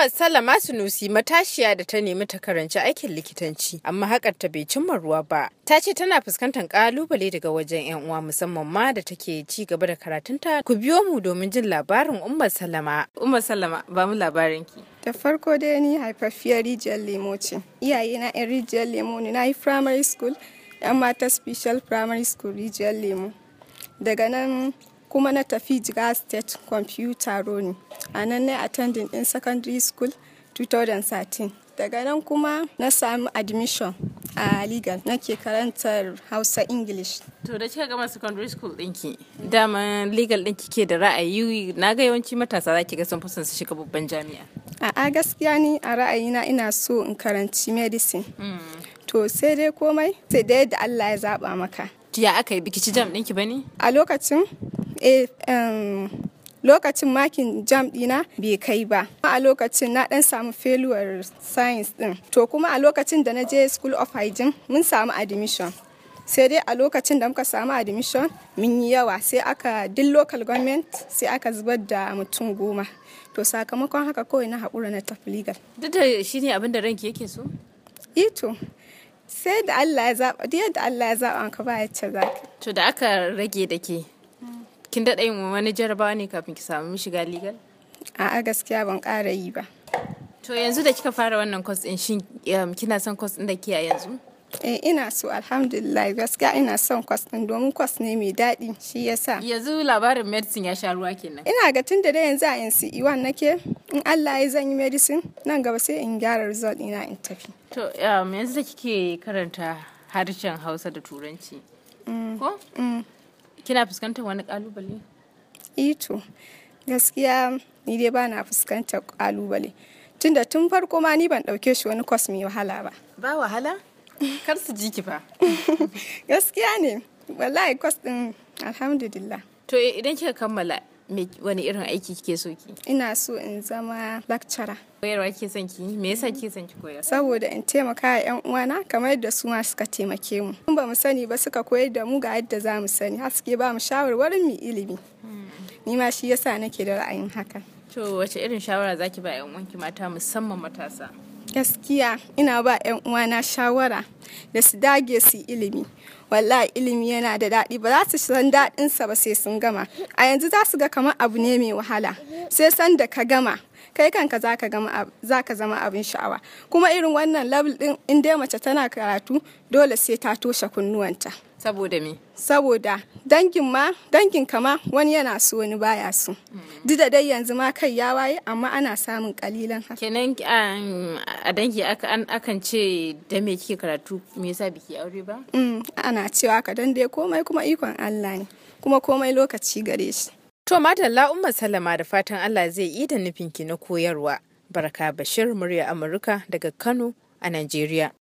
Muhammad Salama Sunusi matashiya da ta nemi ta karanci aikin likitanci amma hakar ta bai cimma ruwa ba. Ta ce tana fuskantar kalubale daga wajen 'yan uwa musamman ma da take ci gaba da karatunta. Ku biyo mu domin jin labarin Ummar Salama. Ummar Salama ba mu labarin ki. Da farko dai ni haifaffiyar rijiyar lemo ce. Iyaye na 'yan rijiyar lemo ne na yi primary school 'yan mata special primary school rijiyar lemo. Daga nan kuma na tafi jiga state computer roni a nan na attending in secondary school 2013 daga nan kuma na samu admission a legal nake karantar hausa english to da kika gama secondary school dinki dama legal dinki ke da ra'ayi na ga yawanci matasa za ki ga sun fusan su shiga babban jami'a a gaskiya ni a ra'ayina ina so in karanci medicine mm. to sai dai komai sai dai da allah ya zaba maka ya aka yi bikici jam ɗinki ba A lokacin Eh, lokacin makin jam dina bai kai ba a lokacin na dan samu failure science din to kuma a lokacin da na je school of hygiene mun samu admission sai dai a lokacin da muka samu admission mun yi yawa sai aka duk local government sai aka zubar da mutum goma to sakamakon haka kawai na haƙura na tafi legal duk da shi ne abin da ranki yake so ito eh sai da Allah ya zaɓa da Allah ya zaɓa ka ba ya ce to da aka rage da ke kin daɗa yin wani jarabawa ne kafin ki samu shiga legal a'a gaskiya ban ƙara yi ba to yanzu da kika fara wannan course ɗin shin um, kina son course ɗin da ke a yanzu Eh ina so alhamdulillah gaskiya ina son kwas ɗin domin kwas ne mai daɗi shi yasa. Yanzu labarin medicine ya sha ruwa kenan. Ina ga tun da yanzu a NCE1 nake in Allah ya zan yi medicine nan gaba sai in gyara result ina in tafi. To um, yanzu da kike karanta harshen Hausa da Turanci. Mm, mm. kina fuskantar wani kalubale ito eh gaskiya ni dai ba na fuskantar kalubale tunda tun farko ma ni ban dauke shi wani kwas mai wahala ba ba wahala kar su ji ki fa gaskiya ne wallahi kwas din alhamdulillah to eh, idan kika kammala wani irin aiki kike so ki ina so in zama lecturer koyarwa ke son ki me yasa ke son ki koyar saboda in taimaka wa yan uwana kamar yadda su ma suka taimake mu in ba mu sani ba suka koyar da mu ga yadda za mu sani har suke ba mu shawarwarin mu ilimi hmm. ni ma shi yasa nake da ra'ayin haka to wace irin shawara zaki ba yan uwanki mata musamman matasa Gaskiya ina ba 'yan uwana shawara da su dage su ilimi. Wallahi ilimi yana da daɗi ba za su san daɗinsa ba sai sun gama. A yanzu za su ga kamar abu ne mai wahala. Sai san da ka gama kai kanka za ka zama abin sha'awa. Kuma irin wannan level ɗin in dai mace tana karatu dole sai ta toshe kunnuwanta. Saboda me? Saboda dangin ma dangin kama wani yana so wani baya so. Hmm. Duk da dai yanzu ma kai ya waye amma ana samun kalilan haka. Kenan um, a dangi akan ce da me kike karatu me yasa biki aure ba? Mm, ana cewa ka dan dai komai kuma ikon Allah ne kuma komai lokaci gare shi. To madalla umma sallama da fatan Allah zai yi da nufinki na koyarwa. Barka Bashir murya Amurka daga Kano a Najeriya.